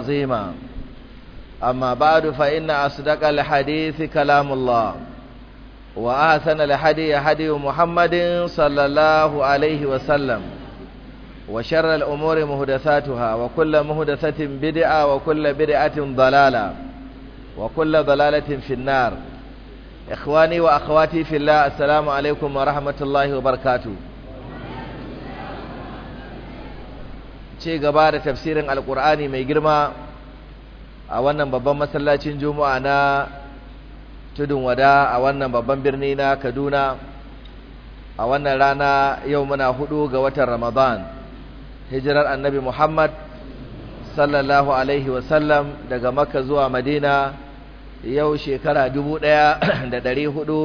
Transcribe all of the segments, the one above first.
عظيما أما بعد فإن أصدق الحديث كلام الله وآثن الحدي حدي محمد صلى الله عليه وسلم وشر الأمور مهدثاتها وكل مهدثة بدعة وكل بدعة ضلالة وكل ضلالة في النار إخواني وأخواتي في الله السلام عليكم ورحمة الله وبركاته ce gaba da tafsirin alkur'ani mai girma a wannan babban masallacin juma'a na tudun wada a wannan babban birni na kaduna a wannan rana yau muna hudu ga watan ramadan hijirar annabi muhammad sallallahu alaihi wasallam daga maka zuwa madina yau shekara 1439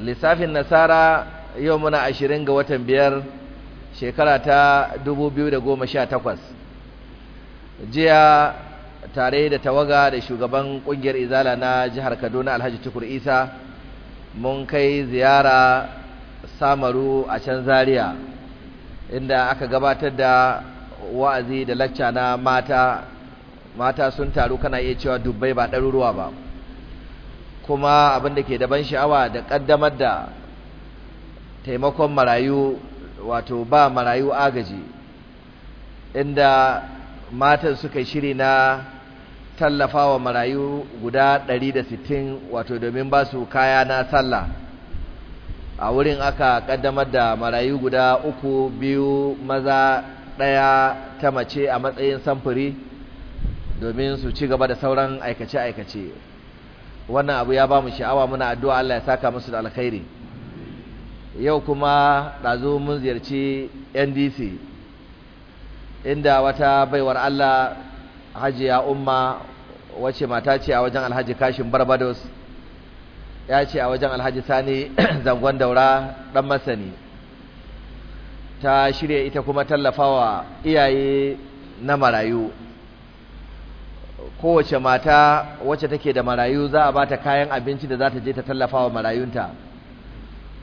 lissafin nasara yau muna ashirin ga watan biyar shekara ta 2018 jiya tare da tawaga da shugaban kungiyar izala na jihar Kaduna Alhaji Tukur Isa mun kai ziyara Samaru a can Zaria inda aka gabatar da wa'azi da lacca na mata mata sun taru kana iya cewa dubbai ba ɗaruruwa ba kuma abinda ke da sha'awa da ƙaddamar da taimakon marayu wato ba marayu agaji inda matan suka shiri na tallafa wa marayu guda 160 wato domin ba su kaya na sallah a wurin aka kaddamar da marayu guda uku biyu maza ɗaya ta mace a matsayin samfuri domin su ci gaba da sauran aikace-aikace wannan abu ya ba mu sha'awa muna addu'a Allah ya saka musu da alkhairi yau kuma ɗazu mun ziyarci ndc inda wata baiwar allah hajiya umma wace mata ce a wajen alhaji kashin barbados ya ce a wajen alhaji sani zangon daura ɗan masani ta shirya ita kuma tallafawa iyaye na marayu kowace mata wacce take da marayu za a ba ta kayan abinci da za ta je ta tallafawa marayunta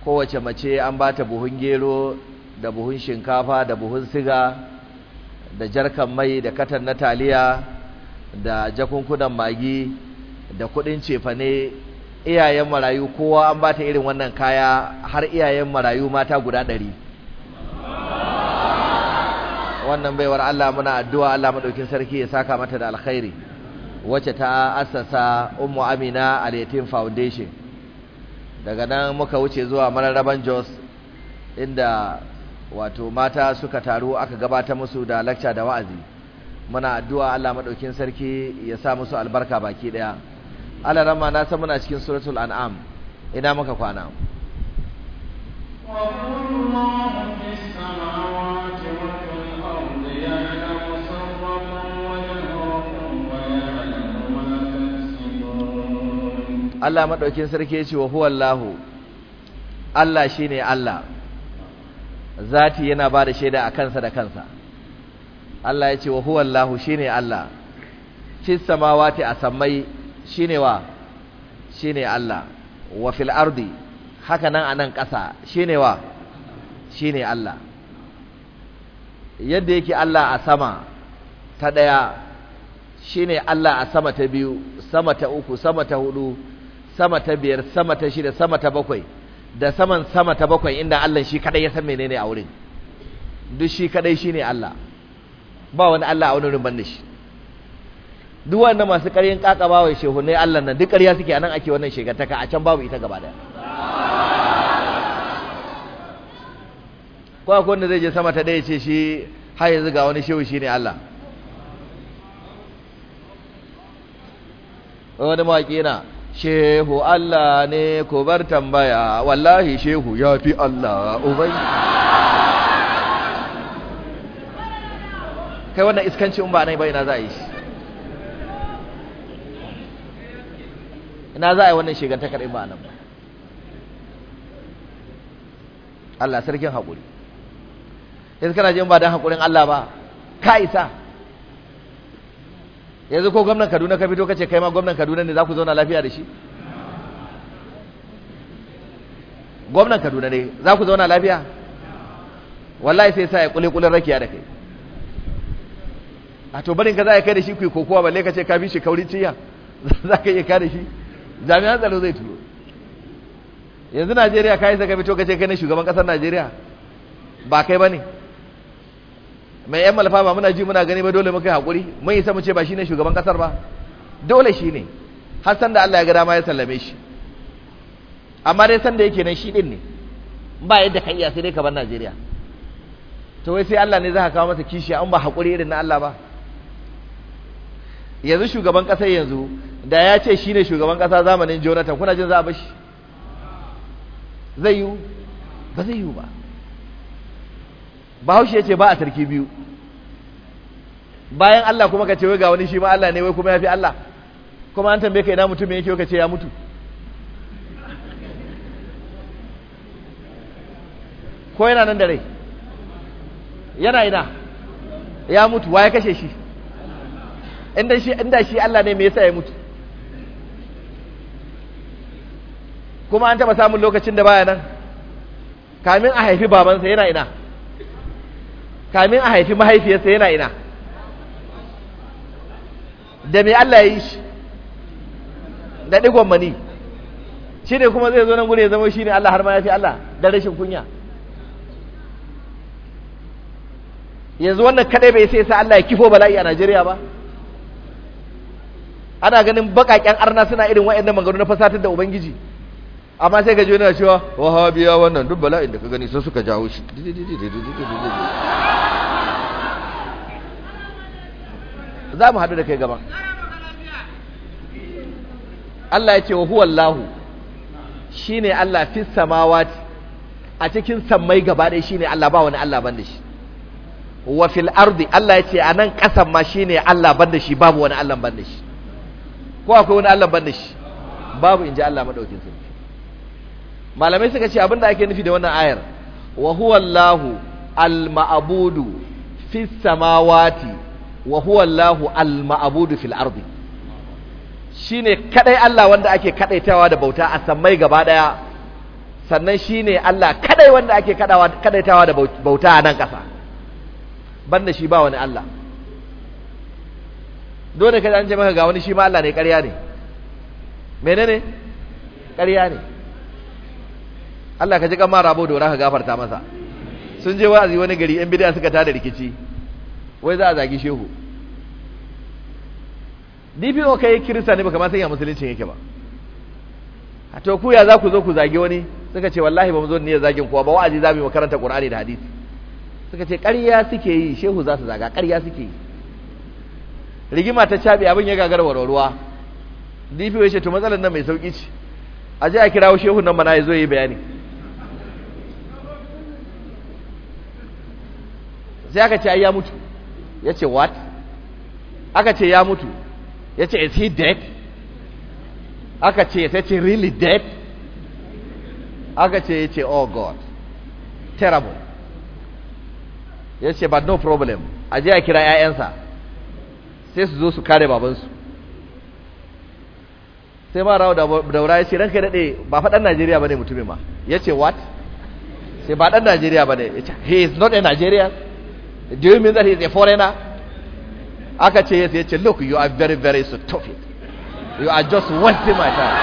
kowace mace an ba ta buhun gero da buhun shinkafa da buhun siga da jarkan mai da katan na taliya da jakunkunan magi da kudin cefane iyayen marayu kowa an ba ta irin wannan kaya har iyayen marayu mata guda ɗari wannan baiwar Allah muna addu'a Allah maɗaukin sarki ya saka mata da alkhairi wacce ta assasa Ummu Amina Al-Yatim Foundation daga nan muka wuce zuwa mararaban jos inda wato mata suka taru aka gabata musu da lacca da wa'azi muna addu'a Allah madaukin sarki ya sa musu albarka baki ɗaya Allah rama na san muna cikin suratul an'am ina muka kwana wa Allah madaukin sarki yace wa huwa Allah shi ne Allah zati yana bada shaida a kansa da kansa Allah yace wa huwa shi ne Allah fis samawati shi ne wa shi ne Allah wa fil ardi haka nan anan ƙasa ne wa shi ne Allah yadda yake Allah a sama ta ɗaya shi ne Allah a sama ta biyu sama ta uku sama ta hudu sama ta biyar sama ta shida sama ta bakwai da saman sama ta bakwai inda Allah shi kadai ya san menene a wurin duk shi kadai shine Allah ba wani Allah a wani wurin banda shi duk wanda masu ƙaryin shehu ne Allah nan duk ƙarya suke anan ake wannan shegataka a can babu ita gaba daya ko akwai wanda zai je sama ta daya ce shi har yanzu ga wani shehu shine Allah wani mawaƙi na shehu Allah ne ku bar tambaya wallahi shehu ya fi Allah ubai kai wannan iskanci in ba nai ba ina za a yi ina za a yi wannan shigantakar in ba nan ba Allah sarkin haƙuri yanzu kana jin ba don haƙurin Allah ba ka isa yanzu ko gwamnan kaduna ka fito ka ce kai ma gwamnan kaduna ne za ku zauna lafiya da shi gwamnan kaduna ne za ku zauna lafiya wallahi sai sa ya kule kulen rakiya da kai a to barin ka za a kai da shi ku kokowa balle ka ce ka bi shi kaurin cinya za ka iya ka da shi jami'an tsaro zai turo yanzu najeriya ka yi ka fito ka ce kai ne shugaban kasar najeriya ba kai ba ne mai yan malafa ba muna ji muna gani ba dole muka yi hakuri mun isa samun ce ba ne shugaban kasar ba dole shi ne har san da Allah ya ga dama ya sallame shi amma dai san da yake nan shi ɗin ne ba yadda ka iya sai dai ka bar Najeriya to wai sai Allah ne za ka kawo masa kishi an ba hakuri irin na Allah ba yanzu shugaban kasar yanzu da ya ce shi ne shugaban ƙasa zamanin Jonathan kuna jin za a bashi zai yiwu ba zai yiwu ba bahaushe ya ce ba a sarki biyu bayan Allah kuma ka ce wai ga wani shi ma Allah ne wai kuma ya fi Allah kuma an tambaye ka ina mutum yake ka ce ya mutu ko yana nan da rai yana ina ya mutu wa ya kashe shi inda shi inda shi Allah ne me yasa ya mutu kuma an taba samun lokacin da baya nan kamin a haifi babansa yana ina kamin a haifi mahaifiyarsa yana ina da me Allah ya yi shi da ɗigon mani shi ne kuma zai zo nan gure ya zama shi ne Allah har ma ya fi Allah da rashin kunya yanzu wannan kadai bai sai sa Allah ya kifo bala'i a Najeriya ba ana ganin baƙaƙen arna suna irin wa'annan maganganu na fasatar da ubangiji amma sai ka ji yana cewa wahabiya wannan duk bala'in da ka gani sai suka jawo shi za mu haɗu da kai gaba. Allah ya ce wa shi ne Allah fi samawati a cikin sammai gaba ɗaya ne Allah ba wani Allah ban da shi wa fil ardi Allah ya ce a nan ƙasan ma shi ne Allah ban da shi babu wani Allah da shi ko akwai wani Allah da shi babu in ji Allah maɗaukin sarki malamai suka ce abin da ake nufi da wannan ayar wa Allah al ma'budu fi samawati wa huwa Allahu al-ma'budu fil ardi shine kadai Allah wanda ake kadaitawa da bauta a sammai gaba daya sannan shine Allah kadai wanda ake kadawa kadaitawa da bauta a nan kasa banda shi ba wani Allah dole kada an ce maka ga wani shi ma Allah ne ƙarya ne menene ƙarya ne Allah ka ji kamar rabo dora ka gafarta masa sun je wa'azi wani gari yan bidiya suka tada rikici wai za a zagi shehu dpo yi kirista ne baka masu yi a musuluncin yake ba to ku ya za ku zo ku zagi wani suka ce wallahi ba mu zo niyyar zagin kowa ba wa'azi za mu yi makaranta qur'ani da hadisi suka ce ƙarya suke yi shehu za su zaga ƙarya suke yi rigima ta cabe abin ya gagar warwarwa dpo ya ce to matsalar nan mai sauki ce a je a kirawo shehu nan mana ya zo yi bayani sai aka ce ai ya mutu ya ce what aka ce ya mutu ya ce is he dead aka ce ya ce really dead aka ce ya ce oh god terrible ya ce but no problem a je a kira 'ya'yansa sai su zo su kare babansu sai ma rawa daura ya ce ranka daɗe ba faɗan najeriya ba ne mutumin ma ya ce what sai ba ɗan najeriya ba ne ya ce he is not a nigerian Do you mean that he's a foreigner? aka ce ya yace look you are very very stupid you are just wasting my time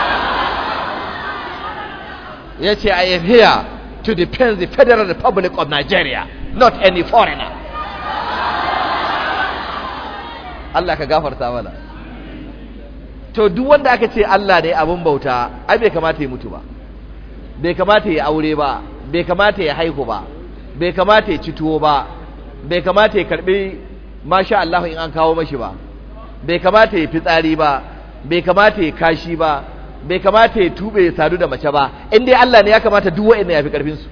Yace I am here to defend the Federal Republic of Nigeria not any foreigner Allah ka gafarta mana to duk wanda aka ce Allah ne abun bauta ai bai kamata ya mutu ba bai kamata ya aure ba bai kamata ya haihu ba bai kamata ya ci tuwo ba bai kamata ya karbi masha Allah in an kawo mashi ba bai kamata ya fitsari ba bai kamata ya kashi ba bai kamata ya tube ya sadu da mace ba in dai Allah ne ya kamata duk waɗannan ya fi karfin su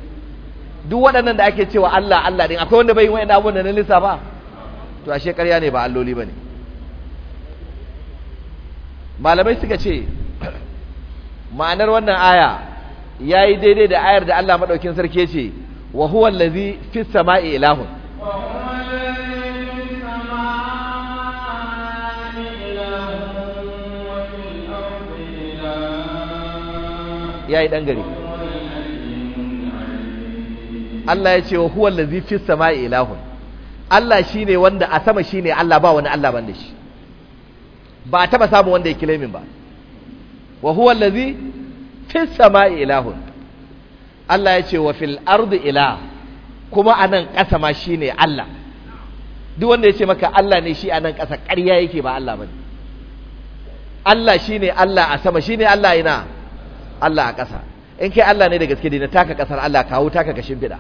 duk waɗannan da ake cewa Allah Allah din akwai wanda bai yi waɗannan abubuwan da na lissa ba to ashe ƙarya ne ba alloli ba ne malamai suka ce ma'anar wannan aya ya yi daidai da ayar da Allah maɗaukin sarki ce wa huwa allazi fis sama'i ilahun Ya yi ɗan gari Allah ya ce wa huwa allazi fis sama'i ilahun Allah shine wanda a sama shine Allah ba wani Allah banda shi ba a taba samu wanda ya claiming ba wa huwa allazi fis sama'i ilahun Allah ya ce wa fil ardi ilah kuma nan ƙasa ma shi ne Allah duk wanda ya ce maka Allah ne shi a nan ƙasa ƙarya yake ba Allah bane Allah shi ne Allah a sama shi ne Allah ina Allah a ƙasa in kai Allah ne da gaske na taka ƙasar Allah kawo taka ka shimfiɗa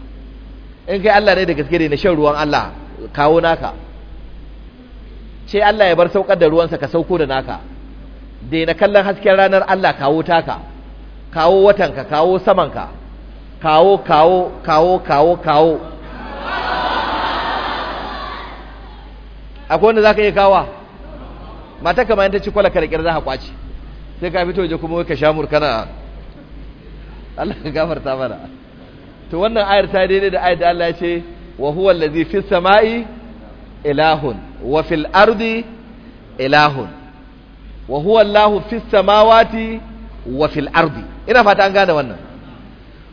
in kai Allah ne da gaske na shan ruwan Allah kawo naka ce Allah ya bar saukar da ruwansa ka sauko da naka daina kallon hasken ranar Allah kawo taka kawo watanka kawo samanka kawo kawo kawo kawo kawo akwai wanda za ka iya kawa mata kamar yanta ci kwalakar da ƙirar za ka kwaci sai ka fito je kuma wai ka sha murkana. Allah ka gafarta mana to wannan ayar ta daidai da ayar da Allah ya ce wa huwa allazi fis sama'i ilahun wa fil ardi ilahun wa huwa Allahu fis samawati wa fil ardi ina fata an gane wannan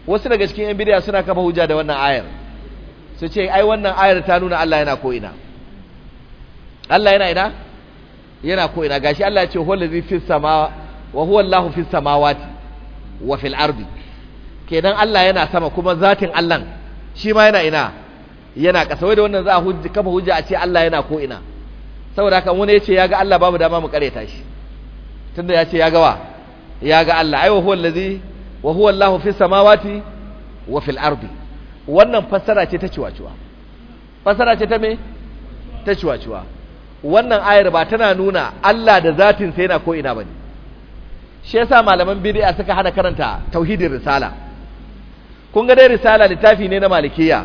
wasu daga cikin yan bidiya suna kafa hujja da wannan ayar su ce ai wannan ayar ta nuna Allah yana ko ina Allah yana ina yana ko ina gashi Allah ya ce huwa allazi fis samawa wa huwa Allahu fis samawati wa fil ardi kenan Allah yana sama kuma zatin Allah shi ma yana ina yana ƙasa wai da wannan za a hujji kafa hujja a ce Allah yana ko ina saboda haka wani ya ce ya ga Allah babu dama mu kareta shi tunda ya ce ya ga wa ya ga Allah ai wa huwa allazi wa huwa Allahu fis samawati wa fil ardi wannan fassara ce ta ciwaciwa fassara ce ta me ta ciwaciwa wannan ayar ba tana nuna Allah da zatin sa yana ko ina bane shi yasa malaman bid'a suka hana karanta tauhidin risala kun ga dai risala littafi ne na malikiya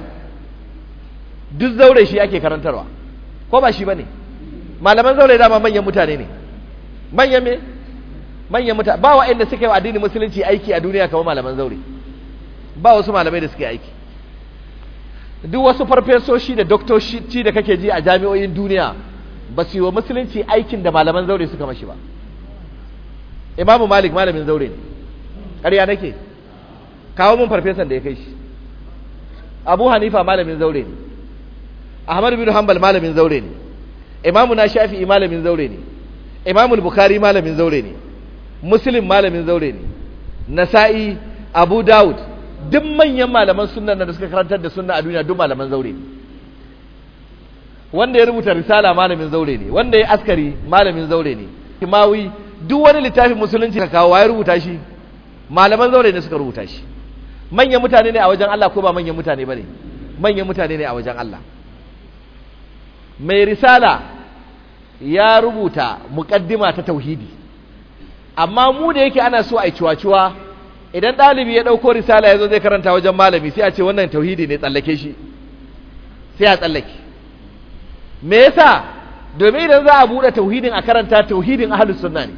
duk zaure shi ake karantarwa ko ba shi ba ne malaman zaure dama manyan mutane ne manyan me manyan mutane ba waɗanda suka yi wa musulunci aiki a duniya kamar malaman zaure ba wasu malamai da suka yi aiki duk wasu farfesoshi da doktoshi da kake ji a jami'o'in duniya ba su yi wa musulunci aikin da malaman zaure suka mashi ba imamu malik malamin zaure ne ƙarya nake kawo mun farfesan da ya kai shi abu hanifa malamin zaure ne ahmadu bin hanbal malamin zaure ne imamu na shafi'i malamin zaure ne imamu bukhari malamin zaure ne muslim malamin zaure ne nasa'i abu dawud duk manyan malaman sunna da suka karantar da sunna a duniya duk malaman zaure ne wanda ya rubuta risala malamin zaure ne wanda ya askari malamin zaure ne Kimawi duk wani littafin musulunci ka kawo ya rubuta shi malaman zaure ne suka rubuta shi manyan mutane ne a wajen Allah ko ba manyan mutane ba ne? manyan mutane ne a wajen Allah mai risala ya rubuta muƙaddima ta tauhidi amma mu da yake ana so a yi ciwaciwa idan ɗalibi ya ɗauko risala ya zo zai karanta wajen malami sai a ce wannan tauhidi ne tsallake shi sai a tsallake me yasa domin idan za a buɗe tauhidin a karanta tauhidin ahlus sunna ne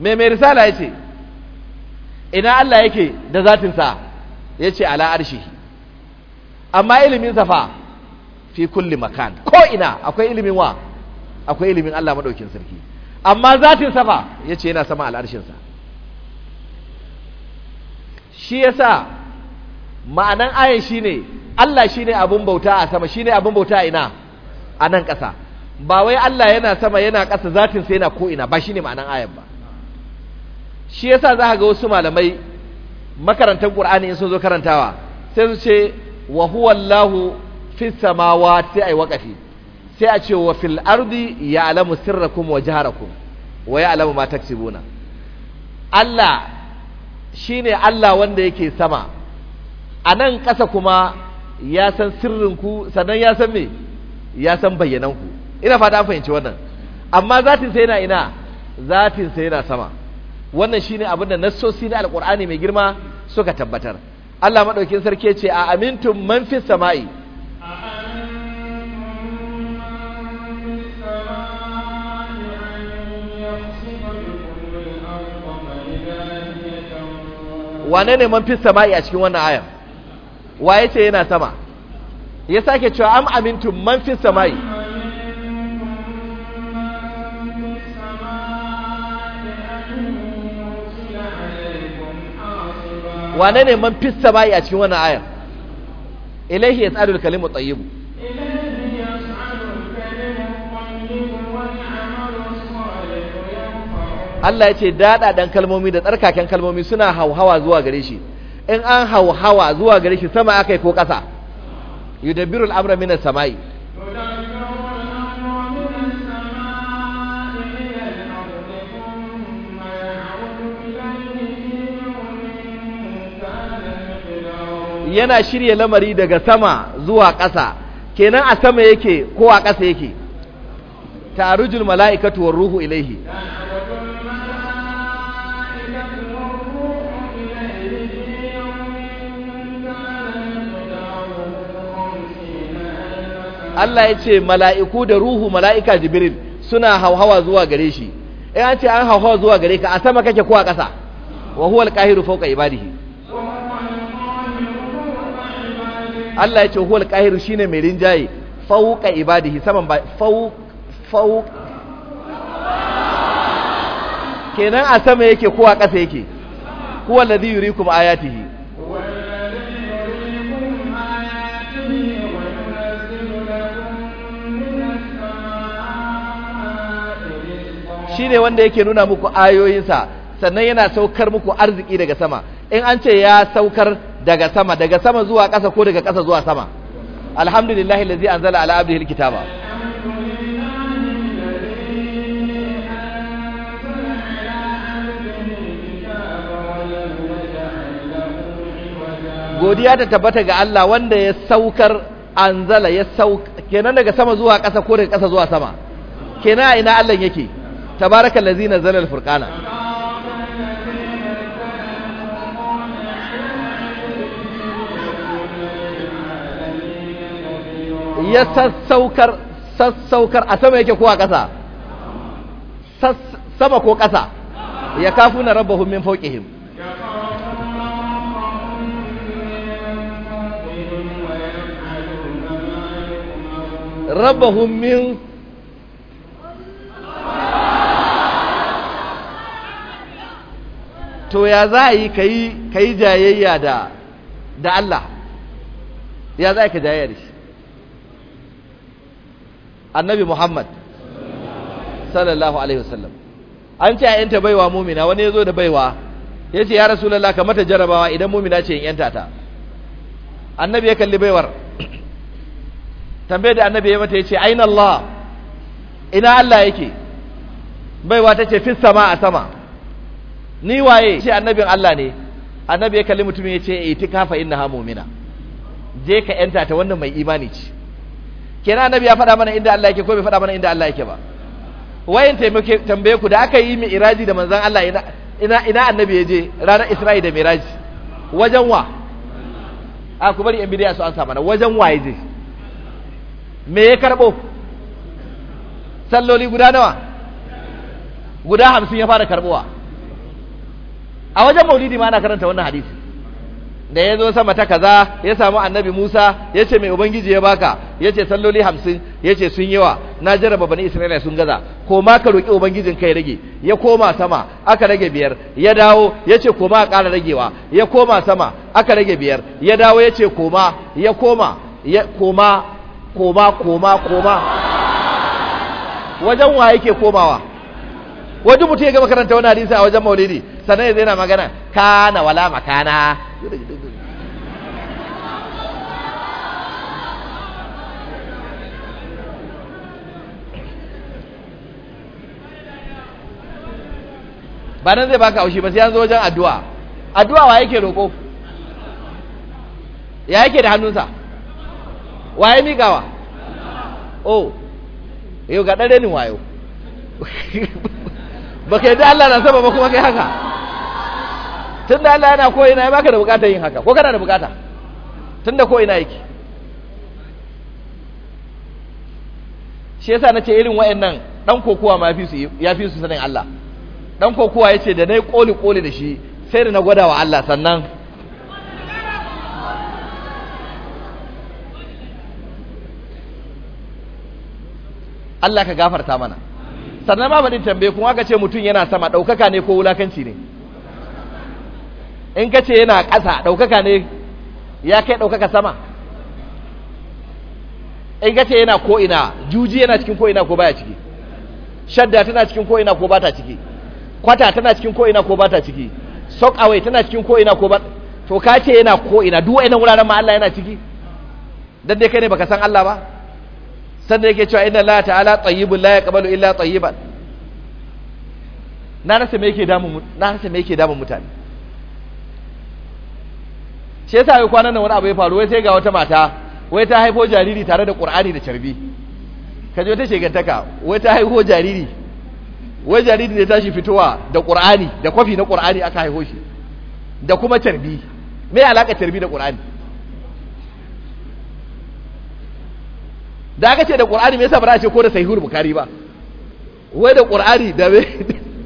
me mai risala ya ce ina Allah yake da zatinsa ya ce ala arshihi amma ilimin fa fi kulli makan ko ina akwai ilimin wa akwai ilimin Allah madaukin sarki amma zatin fa ya ce yana sama al'arshinsa shi yasa ma'anan ayin shine Allah shine abun bauta a sama shine abun bauta ina a nan ƙasa ba wai Allah yana sama yana ƙasa zatinsa yana ko ina ba shine ma'anan ayin ba shi yasa za ga wasu malamai makarantar ƙur'ani in sun zo karantawa sai su ce wa huwa allahu fi samawati sai ai waqafi sai a ce wa fil ardi ya'lamu sirrakum wa jaharakum wa ya'lamu ma taksibuna Allah shine Allah wanda yake sama a nan ƙasa kuma ya san sirrinku sannan ya san me ya san bayyananku ina fata an fahimci wannan amma zatin sai yana ina zatin sai yana sama wannan shine abin da nassosi na alqur'ani mai girma suka tabbatar Allah madaukin sarki ce a amintum man sama'i wane ne man sama'i a cikin wannan Wa waye ce yana sama ya sake cewa am amintum man fis sama'i wane ne man fis bayi a cikin wannan ayar ilaihi ya al-kalimu tayyibu Allah ya ce daɗaɗen kalmomi da tsarkaken kalmomi suna hauhawa zuwa gare shi in an hauhawa zuwa gare shi sama aka yi ko ƙasa yudabbirul amra minas sama'i yana shirya lamari daga sama zuwa ƙasa kenan a sama yake ko a ƙasa yake tarujul mala'ikatu wa ruhu ilaihi Allah ya ce mala'iku da ruhu mala'ika jibril suna hauhawa zuwa gare shi ‘yan an ce an hauhawa zuwa gare ka a sama kake ko a ƙasa wa huwa alqahiru fauka ibadihi Allah ya ce huwal qahir shine mai rinjaye fauka ibadihi saman ba fauk kenan a sama yake ko a ƙasa yake huwa ladhi yurikum ayatihi ne wanda yake nuna muku ayoyinsa sannan yana saukar muku arziki daga sama in an ce ya saukar daga sama daga sama zuwa ƙasa ko daga ƙasa zuwa sama alhamdulillahi allazi anzala ala abdihi alkitaba godiya ta tabbata ga Allah wanda ya saukar anzala ya sauka kenan daga sama zuwa ƙasa ko daga ƙasa zuwa sama kenan ina Allah yake tabarakallazi nazala alfurqana ya sassaukar sassaukar a sama yake ko a ƙasa sama ko ƙasa ya kafu na rabba min fauƙihim Rabba hummin... to ya za a yi ka yi jayayya da Allah ya za a yi ka jayayya da shi annabi Muhammad sallallahu alaihi wasallam an ce yanta baiwa mumina wani yazo da baiwa yace ya rasulullah ka mata jarabawa idan mumina ce yanta ta annabi ya kalli baiwar tambaye da annabi ya mata yace aina Allah ina Allah yake baiwa tace fi sama a sama ni waye ce annabin Allah ne annabi ya kalli mutumin yace itikafa innaha mu'mina je ka yanta ta wannan mai imani ce kenan annabi ya faɗa mana inda Allah yake ko bai faɗa mana inda Allah yake ba wayan taimake tambaye ku da aka yi mi iraji da manzon Allah ina ina ina annabi ya je ranar Isra'i da Miraji wajen wa a ku bari yan bidiya su ansa sa mana wajen wa ya je me ya karbo salloli guda nawa guda hamsin ya fara karbowa a wajen maulidi ma ana karanta wannan hadisi da ya zo sama ta kaza ya samu annabi Musa ya ce mai Ubangiji ya baka ya ce salloli hamsin ya ce sun yawa na jarraba bani Isra'ila sun gaza koma ka roƙi Ubangijin kai rage ya koma sama aka rage biyar ya dawo ya ce koma a ƙara ragewa ya koma sama aka rage biyar ya dawo ya ce koma ya koma ya koma koma koma koma wajen wa yake komawa wajen mutum ya gama karanta wani hadisi a wajen maulidi sannan ya zaina magana kana wala makana yürü Yürü. ba nan zai baka haushi ba sai an zo wajen addu'a addu'a wa yake roƙo ya yake da hannunsa wa ya miƙawa oh yau ga ɗan renin wayo ba ka yi da Allah na saba ba kuma kai haka tun da Allah yana koyi na ya baka da bukatar yin haka ko kana da bukata tun da koyi na yake shi yasa ce irin wayannan dan kokowa ma fi su ya fi su sanin Allah dan kokowa ce da yi koli koli da shi sai da na gwada wa Allah sannan Allah ka gafarta mana sannan ma bani tambaye kuma aka ce mutum yana sama ɗaukaka ne ko wulakanci ne in ka ce yana ƙasa ɗaukaka ne ya kai ɗaukaka sama in ka ce yana ko'ina juji yana cikin ko'ina ko baya ciki shadda tana cikin ko'ina ko ba ta ciki kwata tana cikin ko'ina ko ba ta ciki sock tana cikin ko'ina ko ba to ka ce yana ko'ina duk wa'annan wuraren ma Allah yana ciki dan dai kai ne baka san Allah ba sannan yake cewa inna Allah ta'ala tayyibun la yaqbalu illa tayyiban na rasa me yake damun na rasa me yake damun mutane shi yasa ai kwanan nan wani abu ya faru wai sai ga wata mata wai ta haifo jariri tare da Qur'ani da carbi ji wata shegantaka wai ta haifo jariri wai jariri ne tashi fitowa da Qur'ani da kwafi na Qur'ani aka haifo shi da kuma carbi me alaka carbi da Qur'ani da aka ce da Qur'ani me yasa ba za a ce ko da Sahihul Bukhari ba wai da Qur'ani da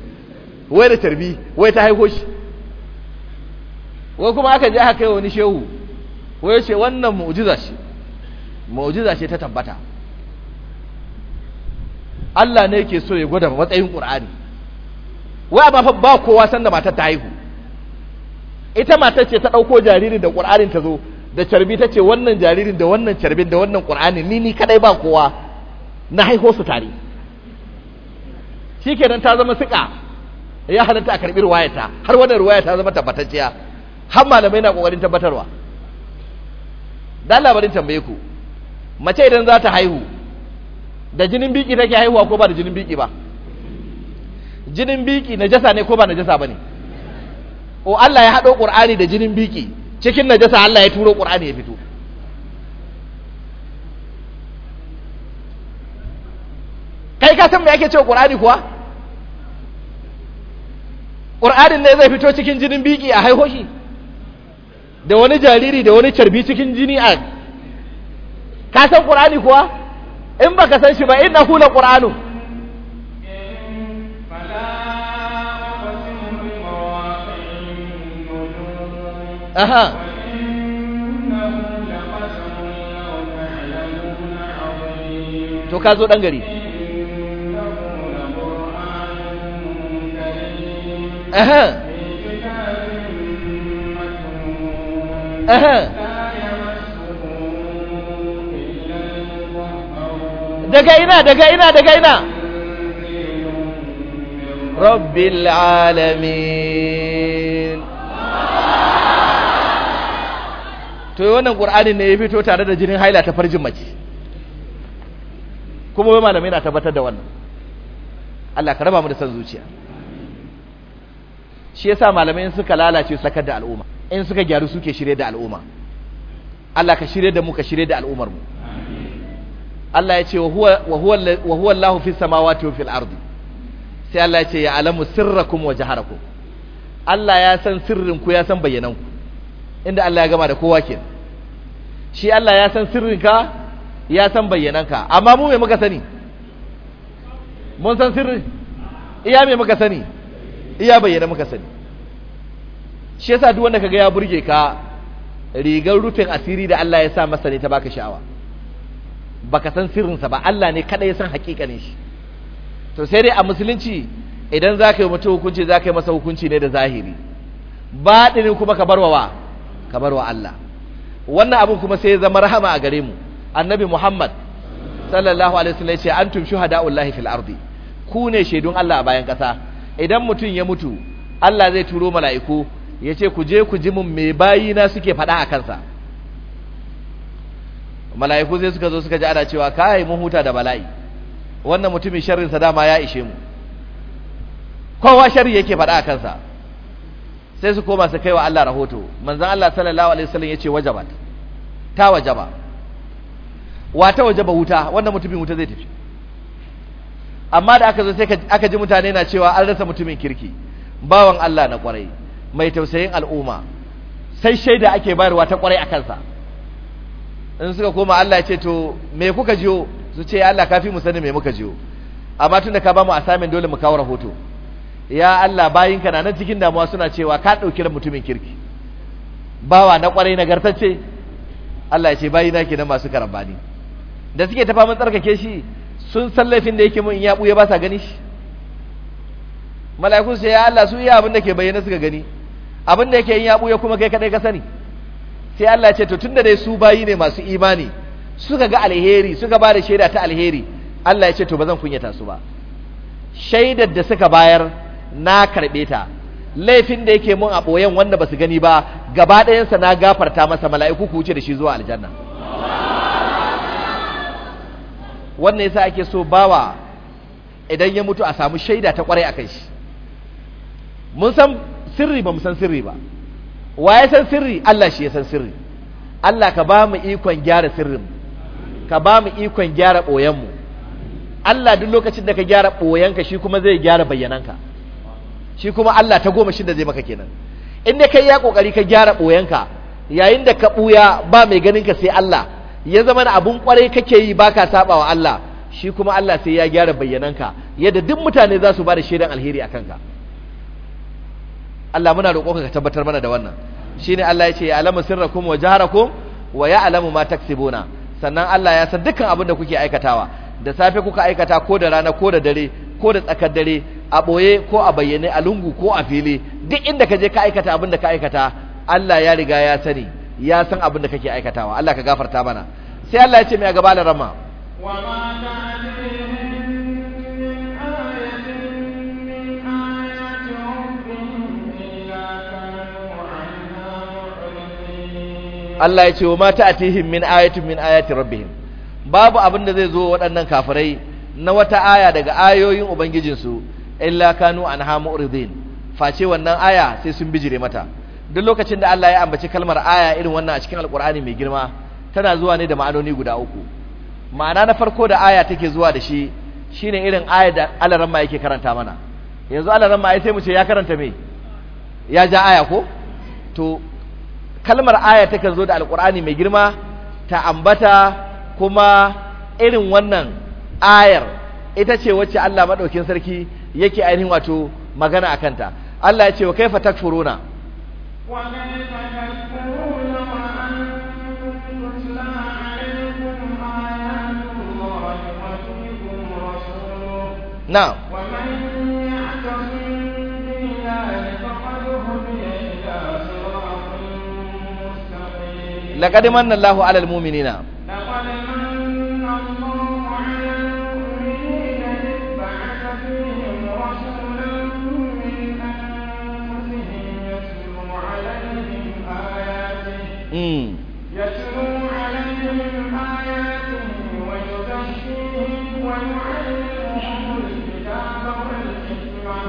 wai da carbi wai ta haifo shi wai kuma aka je aka kai wani shehu wai ce wannan mu'jiza ce mu'jiza ce ta tabbata Allah ne yake so ya gwada matsayin Qur'ani wai ba ba kowa san da matar ta haihu ita matar ce ta dauko jaririn da Qur'ani ta zo da carbi ta ce wannan jaririn da wannan carbin da wannan Qur'ani ni ni kadai ba kowa na haiho su tare shikenan ta zama suka ya halatta a karbi ruwayata har wannan ruwaya ta zama tabbatacciya har malamai na kokarin tabbatarwa da labarin tambaye ku mace idan za ta haihu da jinin biki take haihuwa ko ba da jinin biki ba jinin biki najasa ne ko ba najasa bane o Allah ya hado Qur'ani da jinin biki cikin najasa Allah ya turo Qur'ani ya fito kai ka san me ake cewa Qur'ani kuwa Qur'anin ne zai fito cikin jinin biki a haihoshi da wani jariri da wani carbi cikin jini a ka san qur'ani kuwa in baka san shi ba in hula qur'anu aha to ka zo ɗan gari aha daga ina daga ina daga ina rabbil alamin to wannan qur'ani ne ya fito tare da jinin haila ta farjin mace kuma wai malamai na tabbatar da wannan Allah ka raba mu da san zuciya shi yasa malamai suka lalace sakar da al'umma in suka gyaru suke shirye da al'umma Allah ka shirye da mu ka shirye da al'ummar mu Allah ya ce wa huwa wa huwa Allahu samawati wa fil ardi sai Allah ya ce ya alamu sirrakum wa jaharakum Allah ya san sirrin ku ya san bayyanan ku inda Allah ya gama da kowa ke shi Allah ya san sirrinka ya san bayyananka amma mu me muka sani mun san sirri iya me muka sani iya bayyana muka sani shi yasa duk wanda kaga ya burge ka rigar rufin asiri da Allah ya sa masa ne ta baka sha'awa baka san sirrin sa ba Allah ne kada ya san hakikanin shi to sai dai a musulunci idan za ka yi mutum hukunci za yi masa hukunci ne da zahiri baɗinin kuma ka barwa wa ka barwa Allah wannan abin kuma sai zama rahama a gare mu annabi Muhammad sallallahu alaihi wasallam ya ce antum shuhada'ullahi fil ardi ku ne shaidun Allah a bayan ƙasa idan mutum ya mutu Allah zai turo mala'iku ya ce ku je ku ji mun mai bayina suke faɗa a kansa mala'iku zai suka zo suka ji ana cewa kai mun huta da bala'i wannan mutumin sharrinsa dama ya ishe mu kowa sharri yake faɗa a kansa sai su koma su kai wa Allah rahoto manzon Allah sallallahu alaihi wasallam yace wajabat ta wajaba wa ta wajaba wuta wannan mutumin wuta zai tafi amma da aka zo sai aka ji mutane na cewa an rasa mutumin kirki bawan Allah na kwarai mai tausayin al'umma sai shaida ake bayarwa ta kwarai a kansa in suka koma Allah ya ce to me kuka jiyo su ce ya Allah kafi mu sani me muka jiyo amma tun da ka ba mu assignment dole mu kawo rahoto ya Allah bayinka na nan cikin damuwa suna cewa ka dauki ran mutumin kirki bawa na kwarai nagartacce Allah ya ce bayi bayina kenan masu karambani da suke ta faman tsarkake shi sun san laifin da yake mun in ya buye ba sa gani shi mala'iku sai ya Allah su iya abin da ke bayyana suka gani abin da yake yin ya buya kuma kai kadai ka sani sai Allah ce to tunda dai su bayi ne masu imani suka ga alheri suka ba da shaida ta alheri Allah ya ce to bazan zan kunyata su ba shaidar da suka bayar na karbe ta laifin da yake mun a boyen wanda su gani ba gaba ɗayansa na gafarta masa mala'iku ku wuce da shi zuwa aljanna wannan yasa ake so bawa idan ya mutu a samu shaida ta kwarai akan shi mun san sirri ba mu san sirri ba wa ya san sirri Allah shi ya san sirri Allah ka ba mu ikon gyara sirrin ka ba mu ikon gyara boyen mu Allah duk lokacin da ka gyara boyen ka shi kuma zai gyara bayyanan ka shi kuma Allah ta goma shi da zai maka kenan in dai kai ya kokari ka gyara boyen ka yayin da ka buya ba mai ganin ka sai Allah ya zama na abun kwarai kake yi baka saba wa Allah shi kuma Allah sai ya gyara ka yadda duk mutane za su ba da shaidan alheri a ka Allah muna roƙonka ka tabbatar mana da wannan shine Allah ya ce ya alama sirrakum wa jaharakum wa ya'lamu ma bona sannan Allah ya san dukkan abin da kuke aikatawa da safe kuka aikata ko da rana ko da dare ko da tsakar dare a boye ko a bayyane a lungu ko a fili duk inda ka je ka aikata abin da ka aikata Allah ya riga ya sani ya san abin da kake aikatawa Allah ka gafarta mana sai Allah ya ce mai gaba da rama Allah ya ce wa mata a tihin min ayatun min ayati rabbihim babu abin da zai zo waɗannan kafirai na wata aya daga ayoyin ubangijinsu illa kanu anha mu'ridin face wannan aya sai sun bijire mata duk lokacin da Allah ya ambaci kalmar aya irin wannan a cikin alkur'ani mai girma tana zuwa ne da ma'anoni guda uku ma'ana na farko da aya take zuwa da shi shine irin aya da alaran ma yake karanta mana yanzu alaran ma ai sai mu ce ya karanta me ya ja aya ko to kalmar aya takan zo da alkur'ani mai girma ta ambata kuma irin wannan ayar ita ce wacce Allah maɗaukin sarki yake ainihin wato magana a kanta Allah ya ce wa kaifa takfuruna na. لقد من الله على المؤمنين لقد من الله على المؤمنين بعث فيهم من أنفسهم عليهم عليهم آياته ويزكيهم ويعلمهم الكتاب والحكمة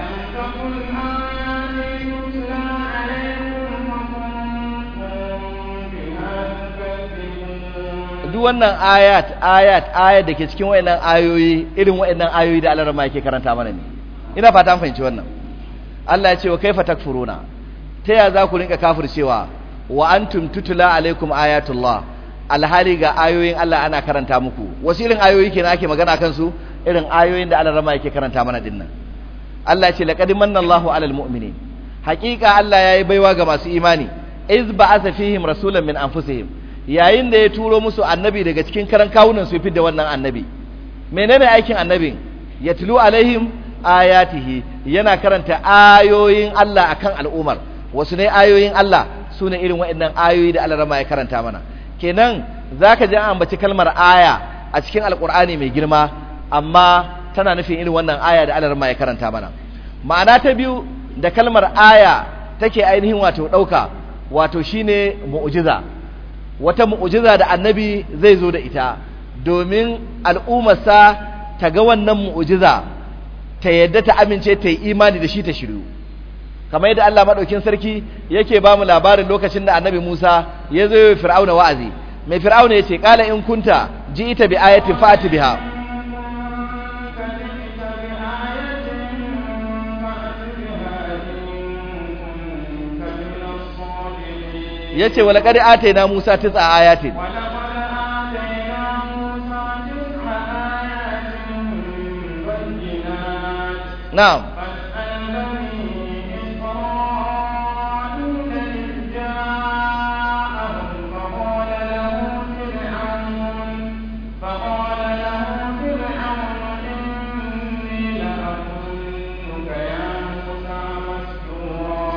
wannan ayat ayat ayat da ke cikin wayannan ayoyi irin wayannan ayoyi da Allah yake karanta mana ne ina fata an fahimci wannan Allah ya ce wa kaifa takfuruna ta ya za ku rinka kafircewa wa antum tutula alaikum ayatullah alhali ga ayoyin Allah ana karanta muku wasu irin ayoyi ke ake magana kan su irin ayoyin da Allah yake karanta mana dinnan Allah ya ce laqad manna Allahu alal mu'minin haqiqa Allah yi baiwa ga masu imani iz ba'atha fihim rasulan min anfusihim yayin da ya turo musu annabi daga cikin karan kawunan su da wannan annabi menene aikin annabin ya tulu alaihim ayatihi yana karanta ayoyin Allah akan al'umar wasu ne ayoyin Allah su ne irin waɗannan ayoyi da Allah rama ya karanta mana kenan zaka ji an ambaci kalmar aya a cikin alkur'ani mai girma amma tana nufin irin wannan aya da Allah rama ya karanta mana ma'ana ta biyu da kalmar aya take ainihin wato ɗauka wato shine mu'jiza wata mu'ujiza da annabi zai zo da ita domin al'ummarsa ta ga wannan mu'ujiza ta yadda ta amince ta yi imani da shi ta shiru kamar yadda Allah maɗaukin sarki yake ba mu labarin lokacin da annabi Musa ya zo yi fir'auna wa'azi mai fir'auna ya ce kala in kunta ji ita bi ayatin fa'ati biha yace wala qad na Musa ta ayatin na'am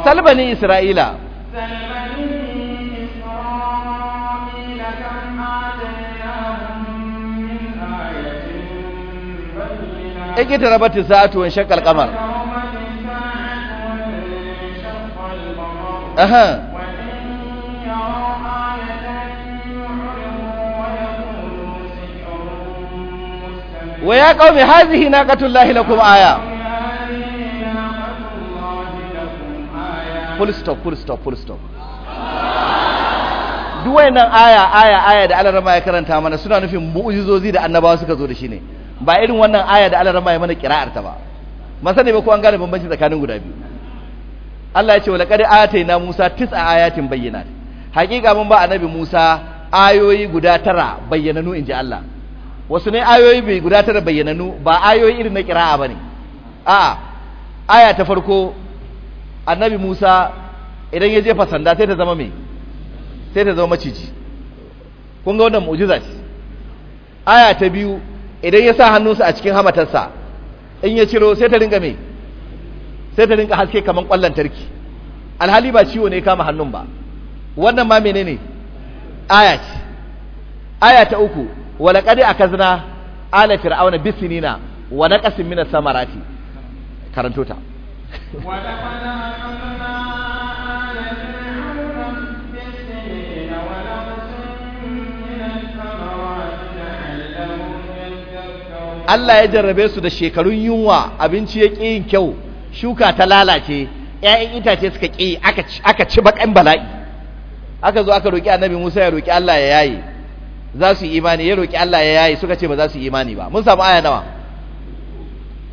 salbani Isra'ila ikita rabatin sa'atu wa shakal kamar aha wa ya qaumi hazihi naqatullahi lakum aya full stop full stop full stop duk aya aya aya da Allah ya karanta mana suna nufin mu'jizozi da annabawa suka zo da shi ne ba irin wannan aya da Allah ya mana kira'ar ta ba masani ba ko an gane bambanci tsakanin guda biyu Allah ya ce walaqad atayna Musa tis'a ayatin bayyinat haqiqa mun ba annabi Musa ayoyi guda tara bayyananu inji Allah wasu ne ayoyi bai guda tara bayyananu ba ayoyi irin na kira'a bane a aya ta farko annabi Musa idan ya jefa sanda sai ta zama me sai ta zama maciji kun ga wannan mu'jiza ce aya ta biyu idan ya sa hannunsa a cikin hamatarsa in ya ciro sai ta ringa mai sai ta ringa haske kamar kwallon tarki alhali ba ciwo ne kama hannun ba wannan ma menene aya ce aya ta uku walaƙadi a akazna ala fir'auna bisinina wa naqasin min samarati karanto ta Allah ya jarrabe su da shekarun yunwa abinci ya ƙi yin kyau shuka ta lalace ‘ya'yan itace suka ƙi aka ci bakan bala'i aka zo aka roƙi annabi Musa ya roƙi Allah ya yaye za su yi imani ya roƙi Allah ya yaye suka ce ba za su yi imani ba mun samu aya nawa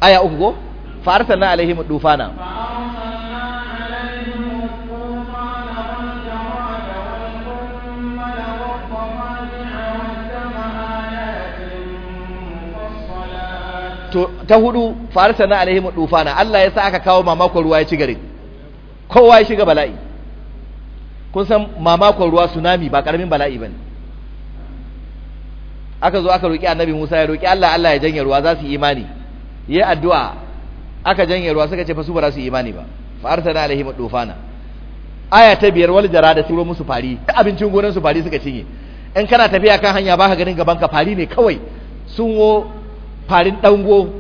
aya uku ko fa arsalna alaihim dufana to ta hudu farisa na alaihim dufana Allah ya sa aka kawo mamakon ruwa ya ci garin kowa ya shiga bala'i kun san mamakon ruwa tsunami ba karamin bala'i ba ne aka zo aka roƙi annabi Musa ya roƙi Allah Allah ya janye ruwa za su yi imani yi addu'a aka janye ruwa suka ce fa su ba za su yi imani ba farisa na alaihim dufana aya ta biyar wal jarada turo musu fari abincin gonan su fari suka cinye in kana tafiya kan hanya ba ka ganin gaban ka fari ne kawai sun wo farin dango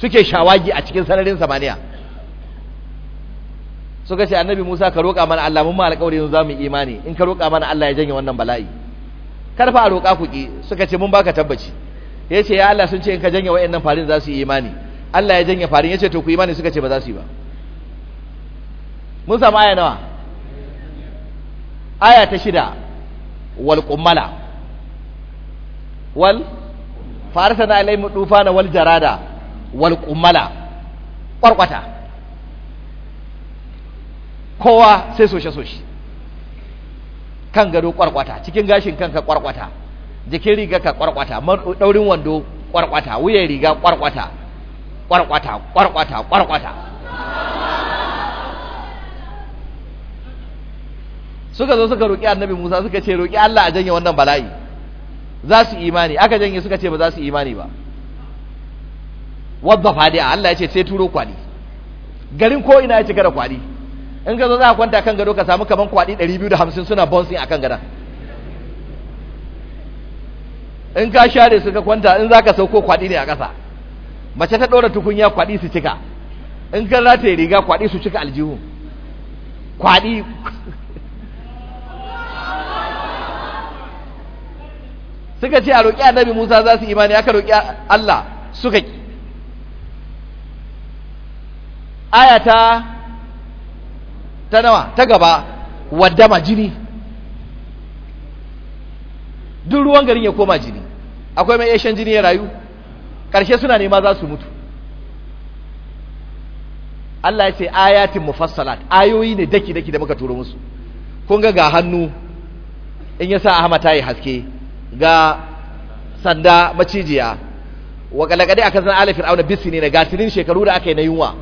suke shawagi a cikin sararin samaniya suka ce annabi Musa ka roƙa mana Allah mun ma alƙawari yanzu mu imani in ka roƙa mana Allah ya janye wannan bala'i karfa a roƙa ku ki suka ce mun baka tabbaci ce ya Allah sun ce in ka janye nan farin za su yi imani Allah ya janye farin ya ce to ku imani suka ce ba za su yi ba mun samu aya nawa aya ta shida wal wal farisa na alaimu dufa na wal jarada wal kummala kwarkwata kowa sai soshe-soshe kan gado kwarkwata cikin gashin kanka kwarkwata jikin riga ka kwarkwata daurin wando kwarkwata wuyan riga kwarkwata kwarkwata kwarkwata kwarkwata suka zo suka roƙi annabi musa suka ce roƙi allah a janye wannan bala'i za su imani aka janye suka ce ba za su imani ba wadda fadi'a Allah ya ce sai turo kwadi. garin ko ina ya cika da kwadi? in ka zo za ka kwanta kan gado ka samu kaman kwali 250 suna bouncing kan gadon in ka share su ka kwanta in za ka sauko kwadi ne a ƙasa mace ta ɗora tukunya kwadi su cika in ka ya riga kwadi su cika aljihu kwadi suka ce a roƙi annabi Musa za su imani aka roƙi Allah suka ki aya ta nawa ta gaba wadama jini duk ruwan garin ya koma jini akwai mai yashen jini ya rayu ƙarshe suna nema za su mutu Allah ya ce ayatin mufassalat ayoyi ne daki-daki da muka turo musu kun ga ga hannu in ya sa ahama ta yi haske ga sanda macijiya wa kalakade aka san ala fir'auna bisini ne ga tilin shekaru da aka yi na yunwa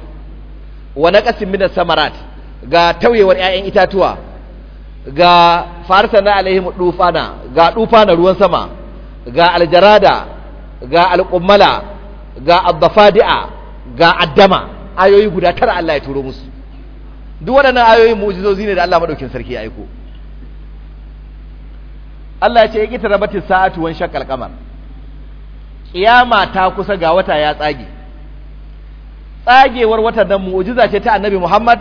wa naqasin min samarat ga tauyewar ƴaƴan itatuwa ga na alaihim dufana ga dufana ruwan sama ga aljarada ga alqummala ga addafadi'a ga addama ayoyi guda tara Allah ya turo musu duk waɗannan ayoyin mu'jizozi ne da Allah madaukin sarki ya aiko Allah ya ce yake tarabatis sa'atu wan shakal kamar kiyama ta kusa ga wata ya tsage tsagewar wata dan mu'jiza ce ta annabi Muhammad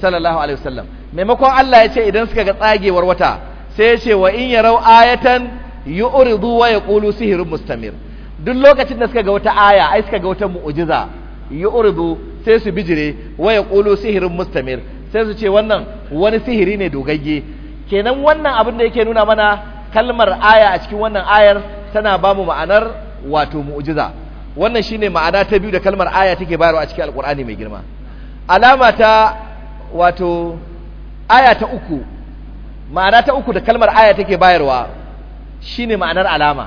sallallahu alaihi wasallam maimakon Allah ya ce idan suka ga tsagewar wata sai ya ce wa in ya rau ayatan yu'ridu wa yaqulu sihrun mustamir duk lokacin da suka ga wata aya ai suka ga wata mu'jiza yu'ridu sai su bijire wa yaqulu sihrun mustamir sai su ce wannan wani sihiri ne dogagge kenan wannan abin da yake nuna mana kalmar aya a cikin wannan ayar tana ba mu ma'anar wato mu'jiza wannan shine ma'ana ta biyu da kalmar aya take bayarwa a cikin alkur'ani mai girma alama ta wato aya ta uku ma'ana ta uku da kalmar aya take bayarwa shine ma'anar alama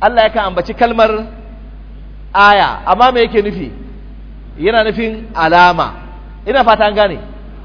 Allah yakan ambaci kalmar aya amma me yake nufi yana nufin alama ina fata an gane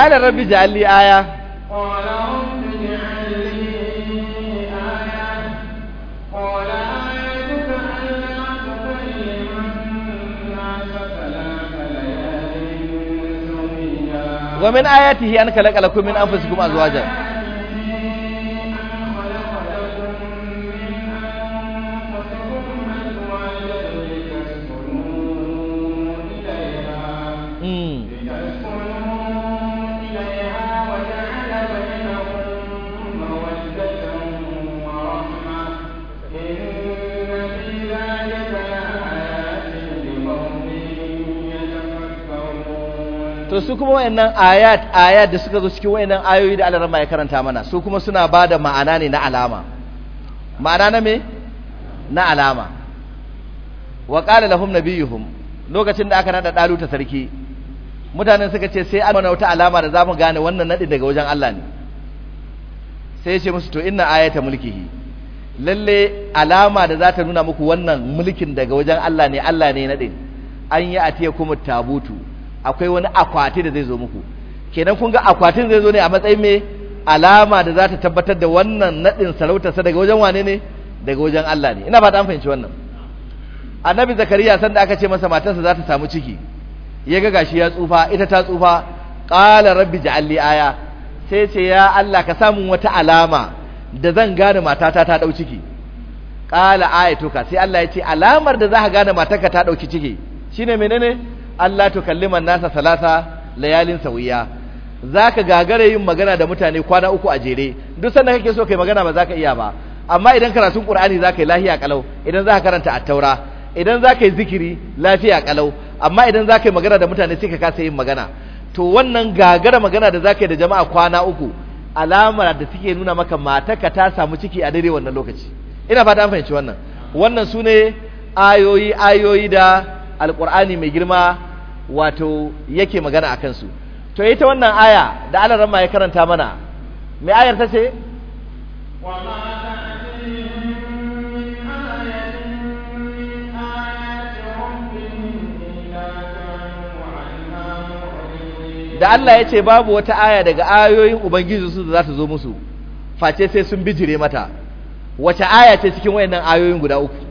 قال رب اجعل لي آية قال رب اجعل لي آية قال آيتك ألا تكلم الناس ثلاث ليال سويا ومن آياته أن خلق لكم من أنفسكم أزواجا su kuma wayannan ayat ayat da suka zo cikin wayannan ayoyi da Allah ya karanta mana su kuma suna bada ma'ana ne na alama ma'ana na me na alama wa qala lahum nabiyuhum lokacin da aka nada daluta sarki mutanen suka ce sai an wata alama da zamu gane wannan nadi daga wajen Allah ne sai ya ce musu to inna ayata mulkihi lalle alama da za ta nuna muku wannan mulkin daga wajen Allah ne Allah ne nadi an yi atiya kuma tabutu akwai wani akwati da zai zo muku kenan kun ga akwatin zai zo ne a matsayin me alama da za ta tabbatar da wannan nadin sarautarsa daga wajen wane ne daga wajen Allah ne ina ba ta fahimci wannan annabi zakariya sanda aka ce masa matarsa za ta samu ciki ya ga gashi ya tsufa ita ta tsufa qala rabbi ja'alli aya sai ce ya Allah ka samu wata alama da zan gane matata ta dauki ciki qala ayatuka sai Allah ya ce alamar da za ka gane matarka ta dauki ciki shine menene Allah tukalliman nasa salasa layalin sawiya zaka gagara yin magana da mutane kwana uku a jere duk sanda kake so kai magana ba zaka iya ba amma idan karatun Qur'ani zaka yi lafiya kalau idan zaka karanta at-taura idan zaka yi zikiri lafiya kalau amma idan zaka yi magana da mutane sai ka kasa yin magana to wannan gagara magana da zaka yi da jama'a kwana uku alamar da suke nuna maka mataka ta samu ciki a dare wannan lokaci ina fata an fahimci wannan wannan sune ayoyi ayoyi da alqur'ani mai girma wato yake magana a kansu to ita wannan aya da alarama ya karanta mana mai ayar ta ce da Allah ya ce babu wata aya daga ayoyin Ubangiji su da za ta zo musu face sai sun bijire mata wace aya ce cikin wayannan ayoyin guda uku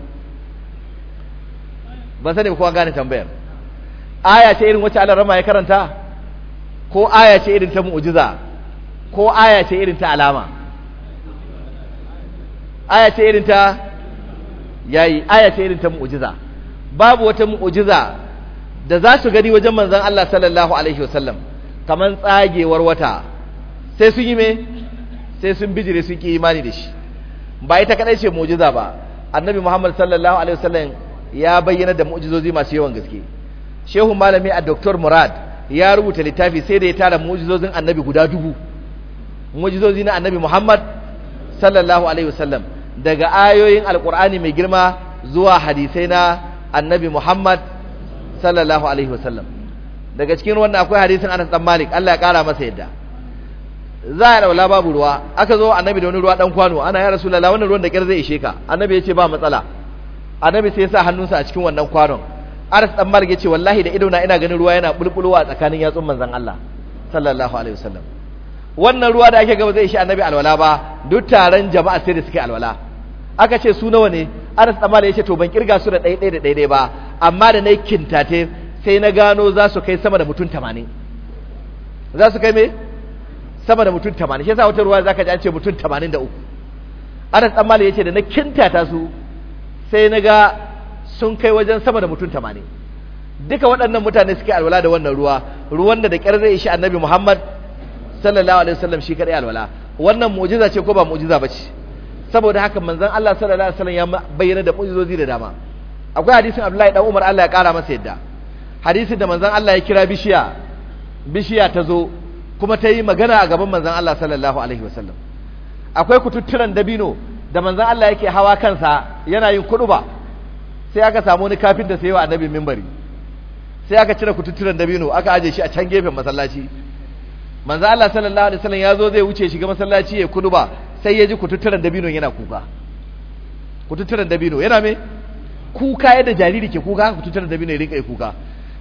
ban sani ba kowa gane tambayar aya ce irin wacce alarama ya karanta ko aya ce irin ta mu'ujiza ko aya ce irin ta alama aya ce irin ta yayi aya ce irin ta mu'ujiza babu wata mu'ujiza da za su gani wajen manzon Allah sallallahu alaihi wasallam kaman tsagewar wata sai sun yi me sai sun bijire sun ki imani da shi ba ita kadai ce mu'jiza ba annabi Muhammad sallallahu alaihi wasallam ya bayyana da mu'jizozi masu yawan gaske shehu malami a Dr. Murad ya rubuta littafi sai da ya tara mu'jizozin annabi guda dubu mu'jizozi na annabi Muhammad sallallahu alaihi wasallam daga ayoyin alƙur'ani mai girma zuwa hadisai na annabi Muhammad sallallahu alaihi wasallam daga cikin wannan akwai hadisin Anas dan Malik Allah ya kara masa yadda za a daula babu ruwa aka zo annabi da wani ruwa dan kwano ana ya rasulullah wannan ruwan da kyar zai ishe ka annabi ya ce ba matsala annabi sai ya sa hannunsa a cikin wannan kwanon aras dan Malik ce wallahi da idona ina ganin ruwa yana bulbulowa tsakanin yatsun manzon Allah sallallahu alaihi wasallam wannan ruwa da ake gaba zai shi annabi alwala ba duk taron jama'a sai da suke alwala aka ce su nawa ne aras dan Malik ce to ban kirga su da daidai da daidai ba amma da nayi kintate sai na gano za su kai sama da mutum 80 za su kai me sama da mutum 80 shi yasa wata ruwa zaka ji an ce mutum 83 aras dan Malik ce da na kintata su sai na ga sun kai wajen sama da mutum tamanin duka waɗannan mutane suke alwala da wannan ruwa ruwan da da ƙyar zai ishi annabi muhammad sallallahu alaihi wasallam shi kaɗai alwala wannan mu'jiza ce ko ba mu'jiza ba ce saboda haka manzon Allah sallallahu alaihi wasallam ya bayyana da mu'jizozi da dama akwai hadisin Abdullahi dan Umar Allah ya ƙara masa yadda hadisin da manzon Allah ya kira bishiya bishiya ta zo kuma ta yi magana a gaban manzon Allah sallallahu alaihi wasallam akwai kututturan dabino da manzan Allah yake hawa kansa yana yin kuɗuba sai aka samu wani kafin da sai wa annabi mimbari sai aka cire kututturen dabino aka aje shi a can gefen masallaci manzo Allah sallallahu alaihi wasallam yazo zai wuce shiga masallaci ya kuduba sai ya ji kututturen dabino yana kuka kututturen dabino yana me kuka yadda jariri ke kuka kututturen dabino ya rinka kuka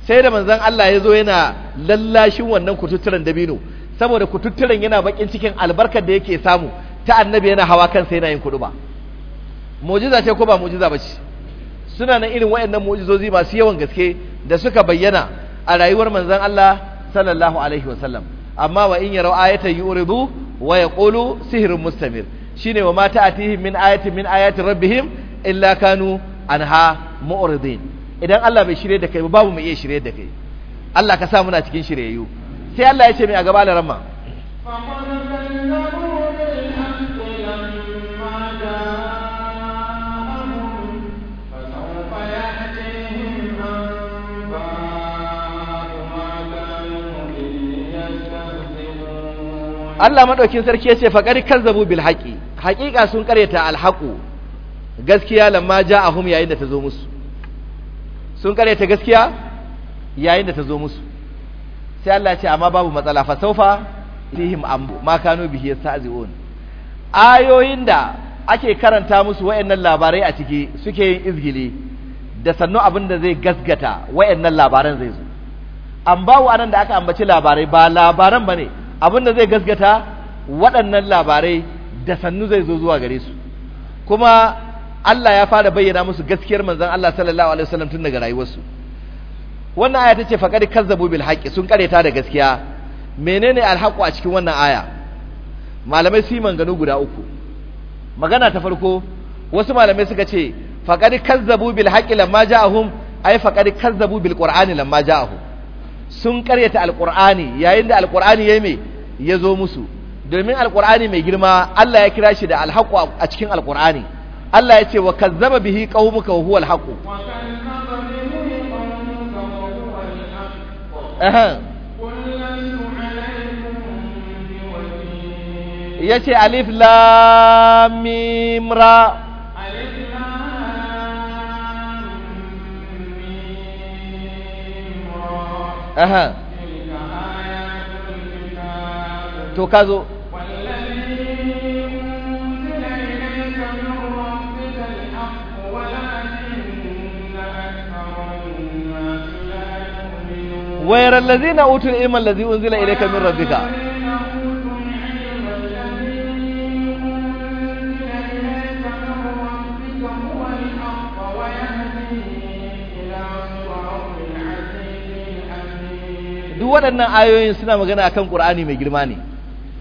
sai da manzon Allah yazo yana lallashin wannan kututturen dabino saboda kututturen yana bakin cikin albarkar da yake samu ta annabi yana hawa kansa yana yin kuduba mu'jiza ce ko ba mu'jiza ce. suna nan irin waɗannan mu'jizozi masu yawan gaske da suka bayyana a rayuwar manzon Allah sallallahu alaihi wasallam amma wa in yaraw ayatan yuridu wa yaqulu sihrun mustamir shine wa ma ta'atihim min ayatin min ayati rabbihim illa kanu anha mu'ridin idan Allah bai shirye da kai ba babu mai iya shirye da kai Allah ka sa muna cikin shiryayyu sai Allah ya ce mai a gaba da rama Allah madaukin sarki yace faqad kazzabu bil haqi haqiqa sun kareta al haqu gaskiya lamma ja'ahum yayin da ta musu sun kareta gaskiya yayin da ta musu sai Allah ya ce amma babu matsala fa saufa lihim ambu ma kanu bihi yasta'zi'un ayoyin da ake karanta musu wayannan labarai a ciki suke yin izgili da sannu abin da zai gasgata wayannan labaran zai zo an bawo anan da aka ambaci labarai ba labaran bane da zai gasgata waɗannan labarai da sannu zai zo zuwa gare su kuma Allah ya fara bayyana musu gaskiyar manzon Allah sallallahu alaihi wasallam tun daga rayuwarsu wannan aya tace faqad kazzabu bil haqqi sun kareta da gaskiya menene alhaqu a cikin wannan aya malamai su yi manganu guda uku magana ta farko wasu malamai suka ce faqad kazzabu bil haqqi lamma ja'ahum ay faqad kazzabu bil qur'ani lamma ja'ahum sun karyata alkur'ani yayin da Alƙur'ani ya me ya zo musu domin Alƙur'ani mai girma Allah ya kira shi da alhaqu a cikin alkur'ani Allah ya ce wa kazzaba bihi qaumuka wa huwa alhaqu ya ce alif lamim ra أها تكذو ويرى الذين أوتوا الإيمان الذي أنزل إليك من ربك waɗannan ayoyin suna magana akan Qur'ani mai girma ne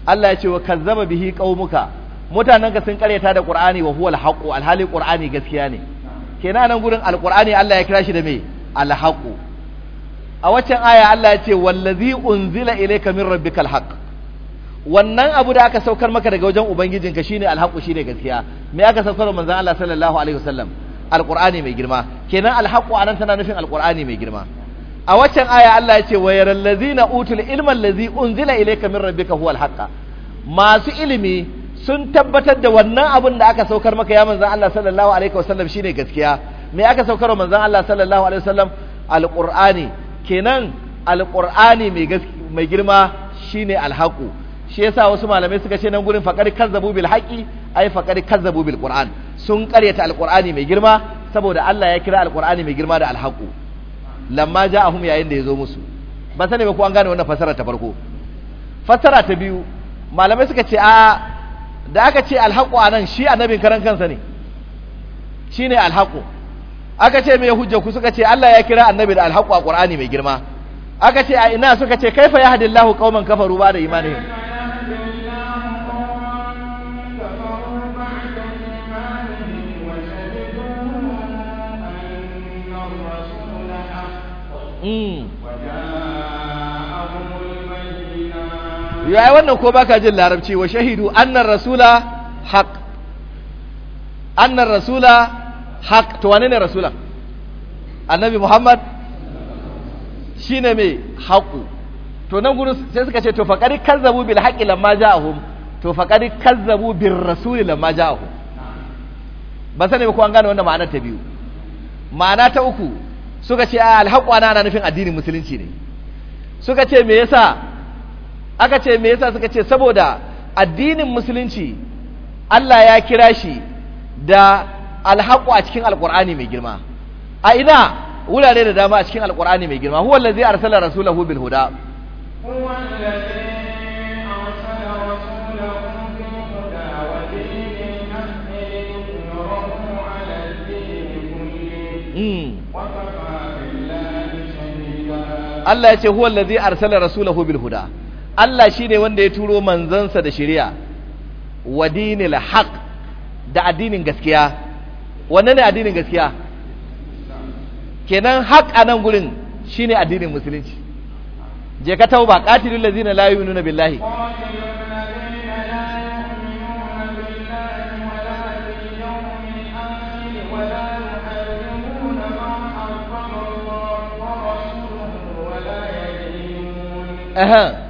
Allah ya ce wa kazzaba bihi qaumuka mutanenka sun kareta da Qur'ani wa huwal alhali Qur'ani gaskiya ne kenan nan gurin alqur'ani Allah ya kira shi da me alhaqu a waccan aya Allah ya ce wallazi unzila ilayka min rabbikal haqq wannan abu da aka saukar maka daga wajen ubangijinka shine alhaqu shine gaskiya me aka saukar manzon Allah sallallahu alaihi wasallam alqur'ani mai girma kenan alhaqu anan tana nufin alqur'ani mai girma a waccan aya Allah ya ce wa yaral ladina utul ilma allazi unzila ilayka min rabbika huwa haqq masu ilimi sun tabbatar da wannan abin da aka saukar maka ya manzon Allah sallallahu alaihi wasallam shine gaskiya me aka saukar manzon Allah sallallahu alaihi wasallam alqur'ani kenan alqur'ani mai mai girma shine alhaqu shi yasa wasu malamai suka ce nan gurin faqari kazzabu bil haqi ai faqari kazzabu bil qur'an sun karyata alqur'ani mai girma saboda Allah ya kira alqur'ani mai girma da alhaqu lamma ja ja'ahum yayin da ya zo musu ba sani ba ko an gane wannan fasara ta farko fasara ta biyu malamai suka ce a da aka ce alhaqu anan shi annabin karan kansa ne ne alhaqu aka ce me hujja ku suka ce Allah ya kira annabi da alhaqu a Qur'ani mai girma aka ce a ina suka ce kaifa yahdillahu qauman kafaru ba da imanihim yayi wannan ko baka jin larabci wa shahidu annar rasula haq annar rasula haq to wane ne rasulan annabi muhammad shine mai haqu to nan gurin sai suka ce to faqari kazzabu bil haqi lamma ja'ahum to faqari kazzabu bir rasuli lamma ja'ahum ba sani ba ko an gane wannan ma'anar ta biyu ma'ana ta uku suka ce a alhaƙwana na nufin addinin musulunci ne suka ce me yasa aka ce me yasa suka ce saboda addinin musulunci Allah ya kira shi da alhaqu a cikin alqur'ani mai girma a ina wurare da dama a cikin alqur'ani mai girma huwa allazi arsala rasulahu bil huda hmm. Allah ya ce huwa allazi arsala rasulahu bil huda Allah shi ne wanda ya turo manzansa da shirya wa dinil haq da addinin gaskiya wanne ne addinin gaskiya kenan haq a nan gurin shi ne addinin musulunci je ka tauba qatilul ladzina la yu'minuna billahi Uh-huh.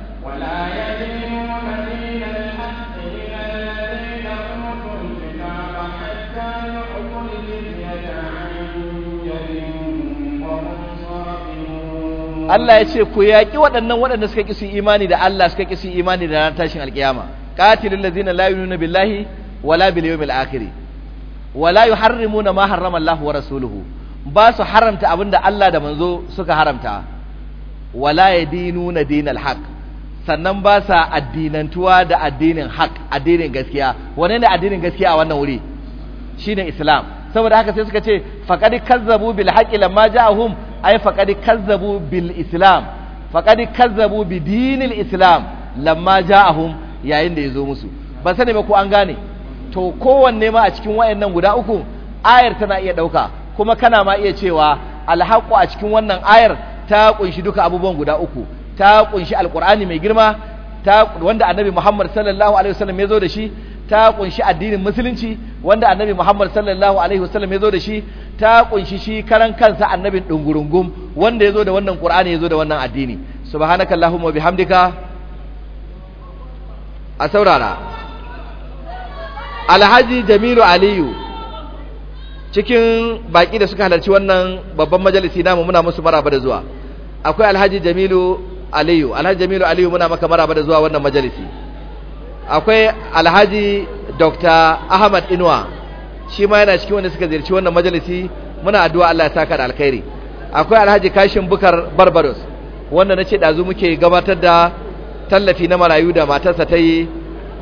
Allah ya ce ku yaƙi waɗannan waɗanda suka ƙi su imani da Allah suka ƙi su imani da ranar tashin alƙiyama qatilul ladzina la yu'minuna billahi wala bil yawmil akhir wala yuharrimuna ma harrama Allah wa rasuluhu ba su haramta abinda Allah da manzo suka haramta wala yadinuna dinal haqq sannan ba sa addinantuwa da addinin haƙ addinin gaskiya wane ne addinin gaskiya a wannan wuri shine islam saboda haka sai suka ce faqad kazzabu bil haqqi lamma hum. ai faqad kazzabu bil islam faqad kazzabu bi dinil islam lamma ja'ahum yayin da ya zo musu ban sani ba ko an gane to kowanne ma a cikin wayannan guda uku ayar tana iya ɗauka kuma kana ma iya cewa alhaqu a cikin wannan ayar ta kunshi duka abubuwan guda uku ta kunshi alkur'ani mai girma ta wanda annabi Muhammad sallallahu alaihi wasallam ya zo da shi ta kunshi addinin musulunci wanda annabi Muhammad sallallahu alaihi wasallam ya zo da shi ta kunshi shi karan kansa annabin dungurungum wanda ya zo da wannan Qur'ani ya zo da wannan addini subhanakallahumma bihamdika a saurara Alhaji Jamilu Aliyu cikin baki da suka halarci wannan babban majalisi namu muna musu maraba da zuwa akwai Alhaji Jamilu Aliyu Alhaji Jamilu Aliyu muna maka maraba da zuwa wannan majalisi akwai alhaji dr ahmad inuwa shi ma yana cikin wanda suka ziyarci wannan majalisi muna addu'a Allah ya saka da alkhairi akwai alhaji kashin bukar barbaros wanda na ce ɗazu muke gabatar da tallafi na marayu da matarsa ta yi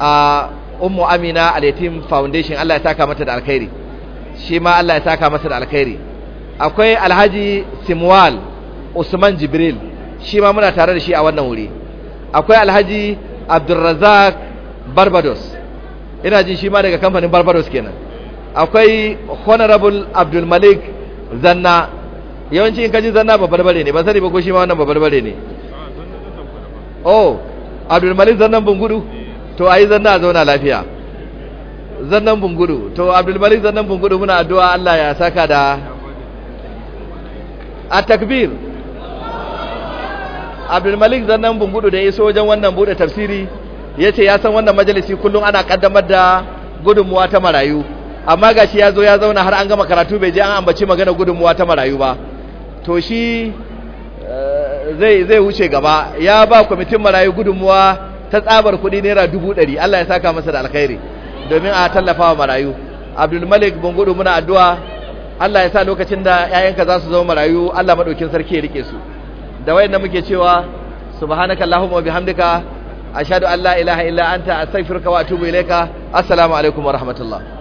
a ummu amina al foundation Allah ya saka mata da alkhairi shi ma Allah ya saka masa da alkhairi akwai alhaji simwal usman jibril shi ma muna tare da shi a wannan wuri akwai alhaji abdulrazak barbados ina jin shi ma daga kamfanin barbados kenan akwai honorable abdulmalik zanna yawanci in kaji zanna ba barbare ne ba sani ba ko shi ma wannan ba barbare ne oh abdulmalik zannan bungudu to ayi zanna a zauna lafiya zannan bungudu to abdulmalik zannan bungudu muna addu'a Allah ya saka da a takbir abdulmalik zannan bungudu da ya iso wajen wannan bude tafsiri ya ce ya san wannan majalisi kullum ana kaddamar da gudunmuwa ta marayu amma ga shi ya zo ya zauna har an gama karatu bai je an ambaci magana gudunmuwa ta marayu ba to shi eh, zai wuce gaba ya ba kwamitin marayu gudunmuwa ta tsabar kuɗi naira dubu ɗari Allah ya saka masa da alkhairi domin a tallafa wa marayu abdulmalik gudu muna addu'a Allah ya sa lokacin da ƴaƴanka za su zama marayu Allah maɗaukin sarki ya rike su da wayan da muke cewa subhanakallahumma wa bihamdika ashhadu an la ilaha illa anta astaghfiruka wa atubu ilaika assalamu alaikum wa rahmatullah